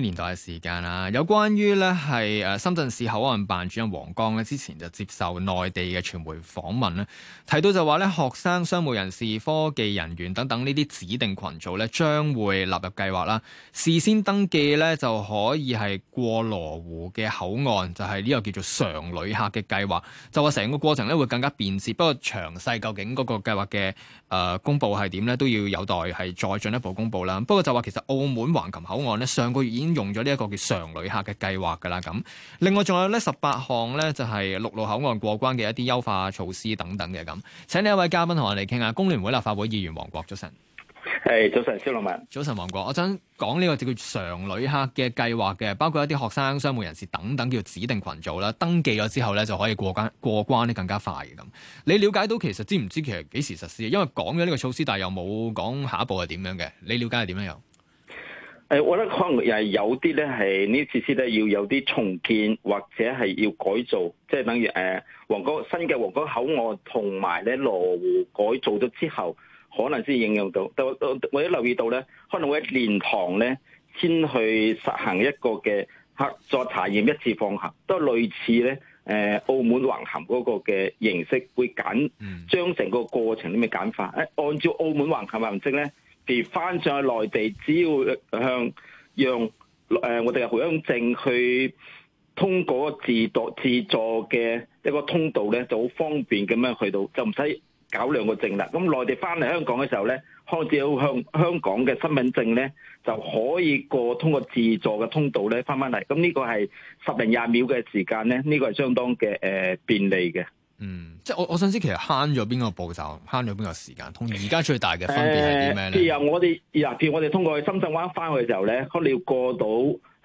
年代嘅時間啦，有關於咧係誒深圳市口岸辦主任黃剛咧，之前就接受內地嘅傳媒訪問啦，提到就話咧學生、商務人士、科技人員等等呢啲指定群組咧，將會納入計劃啦。事先登記咧就可以係過羅湖嘅口岸，就係、是、呢個叫做常旅客嘅計劃。就話成個過程咧會更加便捷，不過詳細究竟嗰個計劃嘅誒公布係點咧，都要有待係再進一步公布啦。不過就話其實澳門橫琴口岸咧，上個月已經。用咗呢一個叫常旅客嘅計劃噶啦，咁另外仲有呢十八項呢，就係陸路口岸過關嘅一啲優化措施等等嘅咁，請呢一位嘉賓同我哋傾下，工聯會立法會議員黃國，早晨。係早晨，肖老文。早晨，早晨早晨，黃國，我想講呢個就叫常旅客嘅計劃嘅，包括一啲學生、商務人士等等，叫做指定群組啦，登記咗之後呢，就可以過關過關呢更加快咁。你了解到其實知唔知其實幾時實施？因為講咗呢個措施，但係又冇講下一步係點樣嘅。你了解係點樣又？誒，我覺得可能又係有啲咧，係呢啲設施咧要有啲重建或者係要改造，即、就、係、是、等於誒，黃、呃、新嘅皇崗口岸同埋咧羅湖改造咗之後，可能先應用到。我一、呃、留意到咧，可能會喺蓮塘咧先去實行一個嘅合作查驗一次放行，都是類似咧誒、呃、澳門橫琴嗰個嘅形式，會簡將成個過程啲咩簡化？誒、呃，按照澳門橫琴模式咧。而翻上去內地，只要向讓誒、呃、我哋嘅回鄉證去通過自助自助嘅一個通道咧，就好方便咁樣去到，就唔使搞兩個證啦。咁內地翻嚟香港嘅時候咧，開始要向香港嘅身份證咧就可以過通過自助嘅通道咧翻翻嚟。咁呢個係十零廿秒嘅時間咧，呢、呢個係相當嘅誒、呃、便利嘅。嗯，即係我我想知，其實慳咗邊個步驟，慳咗邊個時間。同而家最大嘅分別係啲咩咧？譬、呃、如我哋我哋通過去深圳灣翻去嘅時候咧，可能要過到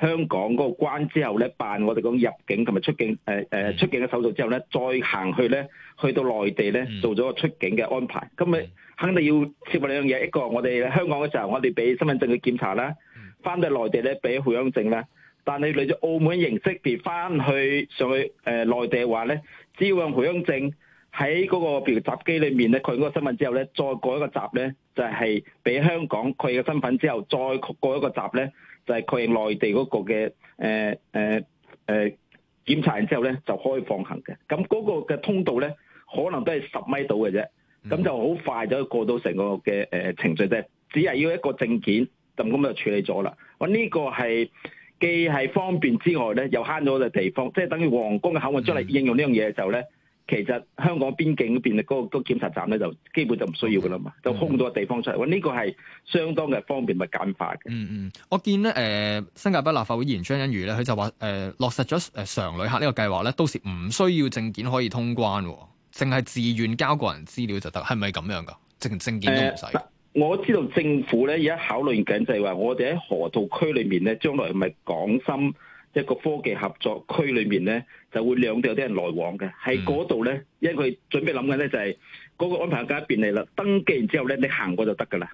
香港嗰個關之後咧，辦我哋講入境同埋出境誒誒、呃、出境嘅手續之後咧，再行去咧，去到內地咧做咗個出境嘅安排。咁咪、嗯、肯定要涉及兩樣嘢，一個我哋香港嘅時候，我哋俾身份證去檢查啦，翻到內地咧俾回鄉證啦。但係嚟咗澳門形式，跌翻去上去誒、呃、內地嘅話咧，只要用回鄉證喺嗰個邊個閘機裏面咧，佢嗰個身份之後咧，再過一個閘，咧，就係、是、俾香港佢嘅身份之後，再過一個閘，咧，就係佢認內地嗰個嘅誒誒檢查完之後咧，就可以放行嘅。咁嗰個嘅通道咧，可能都係十米度嘅啫，咁就好快就過過到成個嘅誒程序啫。嗯、只係要一個證件，咁咁就處理咗啦。我呢個係。既係方便之外咧，又慳咗個地方，即係等於皇宮嘅口岸將嚟應用呢樣嘢嘅時候咧，嗯、其實香港邊境嗰邊嘅嗰個個檢查站咧，就基本就唔需要噶啦嘛，嗯、就空咗個地方出嚟。呢、嗯、個係相當嘅方便同埋簡化嘅。嗯嗯，我見咧誒、呃，新加坡立法會議員張欣如張欣宇咧，佢就話誒、呃，落實咗誒常旅客呢個計劃咧，到時唔需要證件可以通關，淨係自願交個人資料就得，係咪咁樣噶？證證件都唔使。呃我知道政府咧而家考慮緊就係話，我哋喺河道區裏面咧，將來係咪港深、就是、一個科技合作區裏面咧，就會兩地有啲人來往嘅。喺嗰度咧，因為佢準備諗緊咧就係嗰個安排更加便利啦。登記完之後咧，你行過就得噶啦。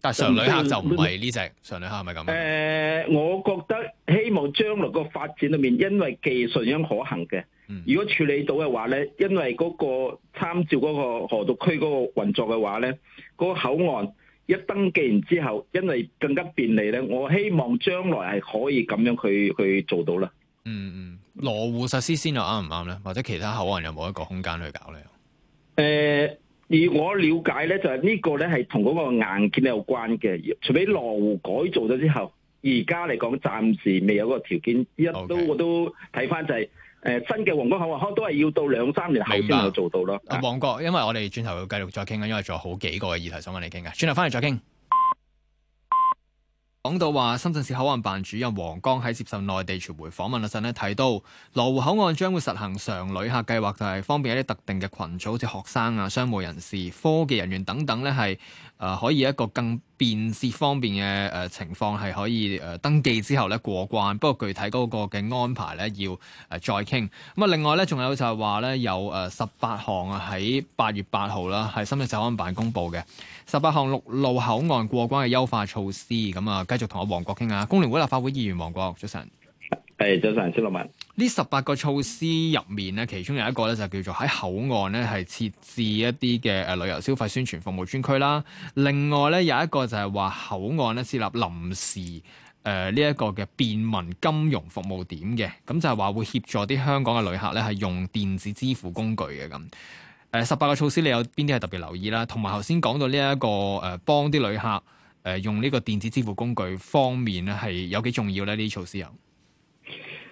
但上常旅客就唔係呢隻，常、嗯、旅客係咪咁啊？誒、呃，我覺得希望將來個發展裏面，因為技術已經可行嘅，嗯、如果處理到嘅話咧，因為嗰個參照嗰個河道區嗰個運作嘅話咧。個口岸一登記完之後，因為更加便利咧，我希望將來係可以咁樣去去做到啦。嗯嗯，羅湖實施先啊啱唔啱咧？或者其他口岸有冇一個空間去搞咧？誒、呃，而我了解咧，就係、是、呢個咧係同嗰個硬件有關嘅，除非羅湖改造咗之後，而家嚟講暫時未有一個條件一，一 Okay. 都我都睇翻就係、是。誒，新嘅皇崗口岸，都係要到兩三年後先有做到咯。白啊，黃國，因為我哋轉頭要繼續再傾啦，因為仲有好幾個議題想搵你傾嘅，轉頭翻嚟再傾。講到話，深圳市口岸辦主任黃剛喺接受內地傳媒訪問嗰陣呢，提到羅湖口岸將會實行常旅客計劃，就係方便一啲特定嘅群組，好似學生啊、商務人士、科技人員等等呢係誒可以一個更便捷、方便嘅誒情況係可以誒登記之後呢過關。不過具體嗰個嘅安排呢，要誒再傾。咁啊，另外呢，仲有就係話呢，有誒十八項啊，喺八月八號啦，係深圳市口岸辦公佈嘅十八項陸路口岸過關嘅優化措施。咁啊。繼續同阿黃國傾下，工聯會立法會議員黃國早晨，係早晨，朱樂文。呢十八個措施入面咧，其中有一個咧就叫做喺口岸咧係設置一啲嘅誒旅遊消費宣傳服務專區啦。另外咧有一個就係話口岸咧設立臨時誒呢一個嘅便民金融服務點嘅，咁就係話會協助啲香港嘅旅客咧係用電子支付工具嘅咁。誒、呃，十八個措施你有邊啲係特別留意啦？同埋頭先講到呢、這個呃、一個誒幫啲旅客。誒用呢個電子支付工具方面咧，係有幾重要咧？呢啲措施又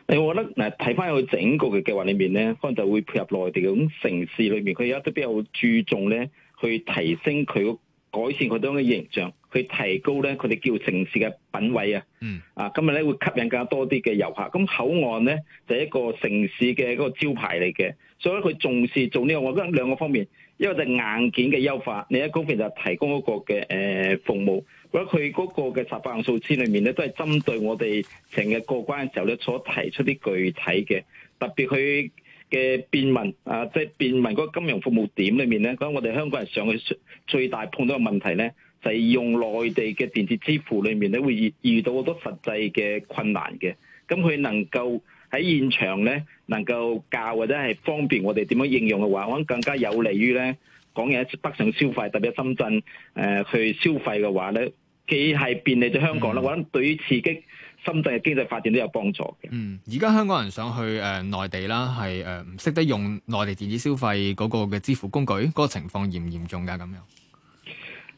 誒，我覺得誒睇翻佢整個嘅計劃裏面咧，可能就會配合內地嘅咁城市裏面，佢而家都比較注重咧，去提升佢改善佢哋咁嘅形象。去提高咧，佢哋叫城市嘅品位啊！嗯啊，今日咧會吸引更加多啲嘅遊客。咁口岸咧就係，一個城市嘅嗰個招牌嚟嘅，所以佢重視做呢、呢個，我覺得兩個方面，一個就硬件嘅優化，另一方面就提供嗰個嘅誒、呃、服務。覺得佢嗰個嘅十八項措施裏面咧，都係針對我哋成日過關嘅時候咧，所提出啲具體嘅，特別佢嘅便民啊，即係便民嗰個金融服務點裏面咧，咁我哋香港人上去最大碰到嘅問題咧。就係用內地嘅電子支付裏面咧，會遇到好多實際嘅困難嘅。咁佢能夠喺現場咧，能夠教或者係方便我哋點樣應用嘅話，我諗更加有利於咧講嘢北上消費，特別係深圳誒、呃、去消費嘅話咧，既係便利咗香港啦，我諗、嗯、對於刺激深圳嘅經濟發展都有幫助嘅。嗯，而家香港人想去誒內、呃、地啦，係誒唔識得用內地電子消費嗰個嘅支付工具，嗰、那個情況嚴唔嚴重㗎？咁樣？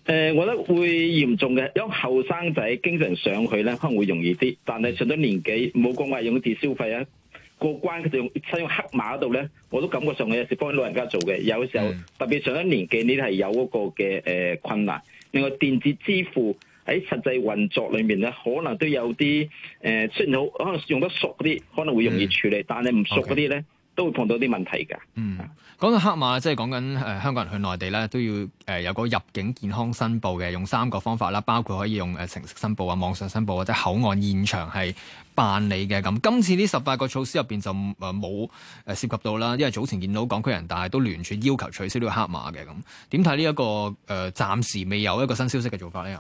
誒、呃，我覺得會嚴重嘅，因為後生仔經常上去咧，可能會容易啲。但係上咗年紀冇咁話用自消費啊，過關佢就使用，用黑馬度咧，我都感覺上我有時幫老人家做嘅。有時候、mm. 特別上咗年紀，你係有嗰個嘅誒困難。另外電子支付喺實際運作裏面咧，可能都有啲誒、呃，雖然好可能用得熟啲，可能會容易處理，mm. 但係唔熟嗰啲咧。Okay. 都會碰到啲問題㗎。嗯，講到黑碼，即係講緊香港人去內地咧，都要、呃、有個入境健康申報嘅，用三個方法啦，包括可以用程式申報啊、網上申報或者口岸現場係辦理嘅咁。今次呢十八個措施入面就冇、呃呃、涉及到啦，因為早前見到港區人大都聯署要求取消呢個黑碼嘅咁。點睇呢一個誒暫、呃、時未有一個新消息嘅做法咧？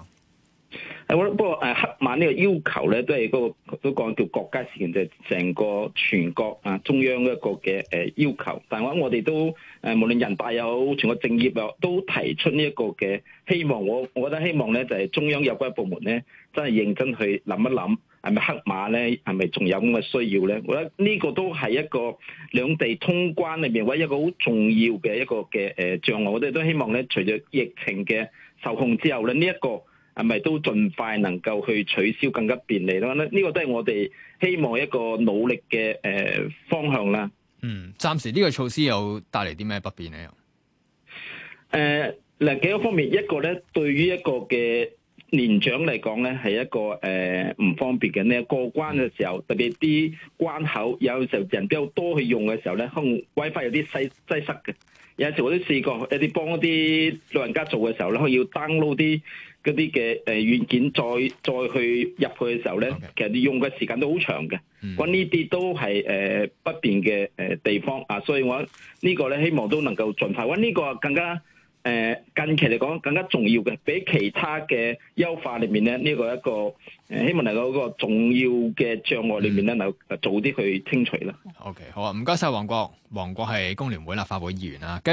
不過誒，黑馬呢個要求咧，都係嗰、那個都講叫國家事件，就係、是，成個全國啊中央一個嘅、誒、呃、要求。但係我諗我哋都誒、呃，無論人大有，全國政業又都提出呢一個嘅希望。我我覺得希望咧，就係、是，中央有關部門咧，真係認真去諗一諗，係咪黑馬咧，係咪仲有咁嘅需要咧？我覺得呢個都係一個兩地通關裏面，或者一個好重要嘅一個嘅誒、呃、障礙。我哋都希望咧，隨着疫情嘅受控之後咧，呢、這、一個。係咪都盡快能夠去取消，更加便利咧？呢、這個都係我哋希望一個努力嘅誒、呃、方向啦。嗯，暫時呢個措施有帶嚟啲咩不便咧？誒、呃，嗱，幾個方面，一個咧，對於一個嘅。年長嚟講咧係一個誒唔、呃、方便嘅咧，過關嘅時候，特別啲關口，有時候人比較多去用嘅時候咧，可能 WiFi 有啲細擠塞嘅。有時我都試過，一啲幫一啲老人家做嘅時候咧，可以要 download 啲嗰啲嘅誒軟件再，再再去入去嘅時候咧，Okay. 其實你用嘅時間都好長嘅。我呢啲都係誒、呃、不便嘅誒地方啊，所以我呢個呢個咧希望都能夠盡快。搵呢個更加。誒，近期嚟講更加重要嘅，比其他嘅優化裏面咧，呢、這個一個誒，希望能夠一個重要嘅障礙裏面咧，能夠、嗯、早啲去清除啦。OK，好啊，唔該晒黃國，黃國係工聯會立法會議員啊。